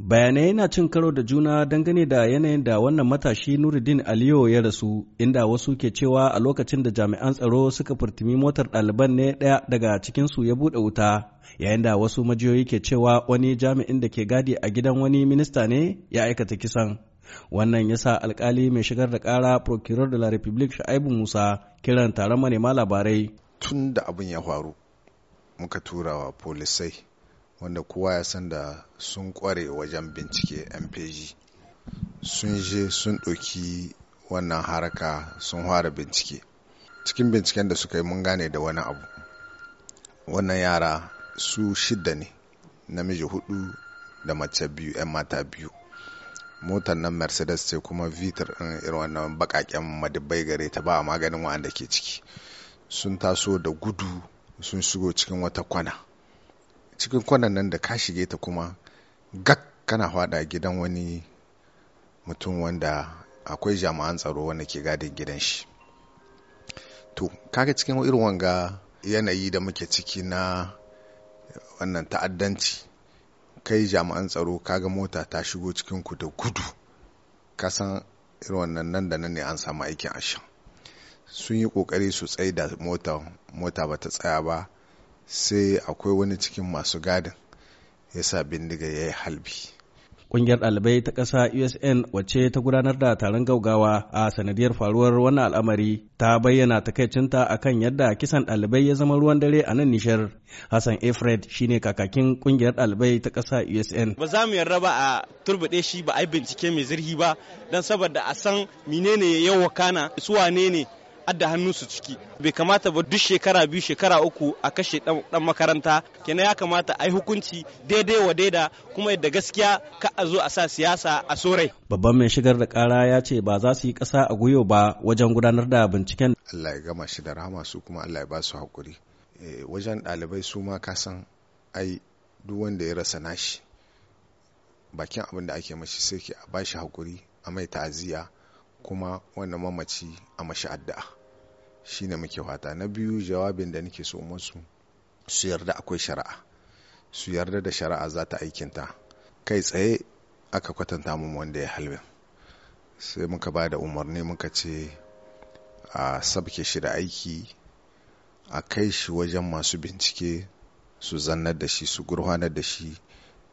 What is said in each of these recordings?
bayanai yana cin karo da juna dangane da yanayin da wannan matashi nuruddin aliyo ya rasu inda wasu ke cewa a lokacin da jami'an tsaro suka furtumi motar ɗaliban ne ɗaya daga cikinsu ya buɗe wuta yayin da wasu majiyoyi ke cewa wani jami'in da ke gadi a gidan wani minista ne ya aikata kisan wannan ya sa alkali mai shigar da kara procureur de la republique sha'ibu musa kiran taron manema labarai tun da abin ya faru muka turawa polisai wanda kowa ya san da sun kware wajen bincike yan feji sun je sun ɗauki wannan haraka sun fara bincike cikin binciken da suka yi mun gane da wani abu wannan yara su shidda ne namiji hudu da mace biyu 'yan mata biyu motar nan mercedes ce kuma vitar ɗin eh, irin wannan bakaken madubbai gare ta ba a maganin wa'anda ke ciki sun taso da gudu sun shigo cikin wata kwana cikin kwanan nan da ka shige ta kuma gak kana hada gidan wani mutum wanda akwai jami'an tsaro wanda ke gadin gidan shi to kaga cikin irin wanga yanayi da muke ciki na wannan ta'addanci kai jami'an tsaro kaga mota ta shigo cikin ku da gudu kasan irin wannan nan da nan ne an samu aikin ashan sun yi kokari su tsaye da mota mota ba ta tsaya ba sai akwai wani cikin masu gadin ya sa bindiga ya yi halbi Ƙungiyar ɗalibai ta ƙasa USN wacce ta gudanar da taron gaugawa a sanadiyar faruwar wannan al'amari ta bayyana takaicinta kan yadda kisan ɗalibai ya zama ruwan dare a nan Nishar. Hassan Efred shine kakakin ƙungiyar ɗalibai ta ƙasa USN. Ba za mu yarda ba a turbuɗe shi ba a yi bincike mai zirhi ba don saboda a san menene ya wakana su wane ne adda su ciki bai kamata ba duk shekara biyu shekara uku a kashe dan makaranta kenan ya kamata a yi hukunci daidai wa daida kuma yadda gaskiya ka a zo a sa siyasa a sorai babban mai shigar da kara ya ce ba za su yi kasa a guyo ba wajen gudanar da binciken Allah ya gama shi da rahama su kuma Allah ya ba su hakuri eh, wajen ɗalibai su ma ka san ai duk wanda ya rasa nashi bakin abin da ake mashi sai ke a bashi hakuri a mai ta'aziyya kuma wannan mamaci a mashi addu'a shine muke fata na biyu jawabin da nake so musu su yarda akwai shari'a su yarda da shari'a za ta aikinta kai tsaye aka kwatanta mu wanda ya halbin sai muka ba da umarni muka ce a sabke shi da aiki a kai shi wajen masu bincike su zannar da shi su gurfanar da shi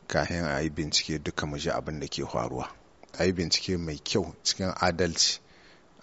kahin a yi bincike duka mu ji abin da ke faruwa a yi bincike mai kyau cikin adalci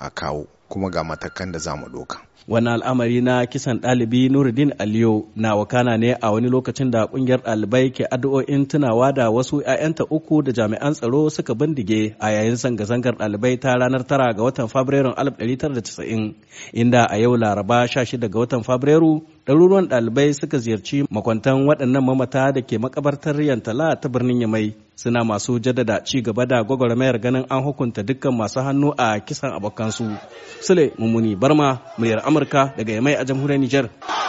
a kawo kuma ga matakan da za mu ɗauka. wani al'amari na kisan ɗalibi nuruddin aliyu na wakana ne a wani lokacin da ƙungiyar ɗalibai ke addu'o'in tunawa da wasu 'ya'yanta uku da jami'an tsaro suka bindige a yayin zanga-zangar ɗalibai ta ranar tara ga watan fabrairun 1990 inda a yau laraba 16 ga watan fabrairu ɗaruruwan ɗalibai suka ziyarci makwantan waɗannan mamata da ke makabartar yantala ta birnin yamai suna masu jaddada ci gaba da gwagwarmayar ganin an hukunta dukkan masu hannu a kisan abokansu. Sule Mummuni Barma, muryar Amurka daga Yamai a jamhuriyar Nijar.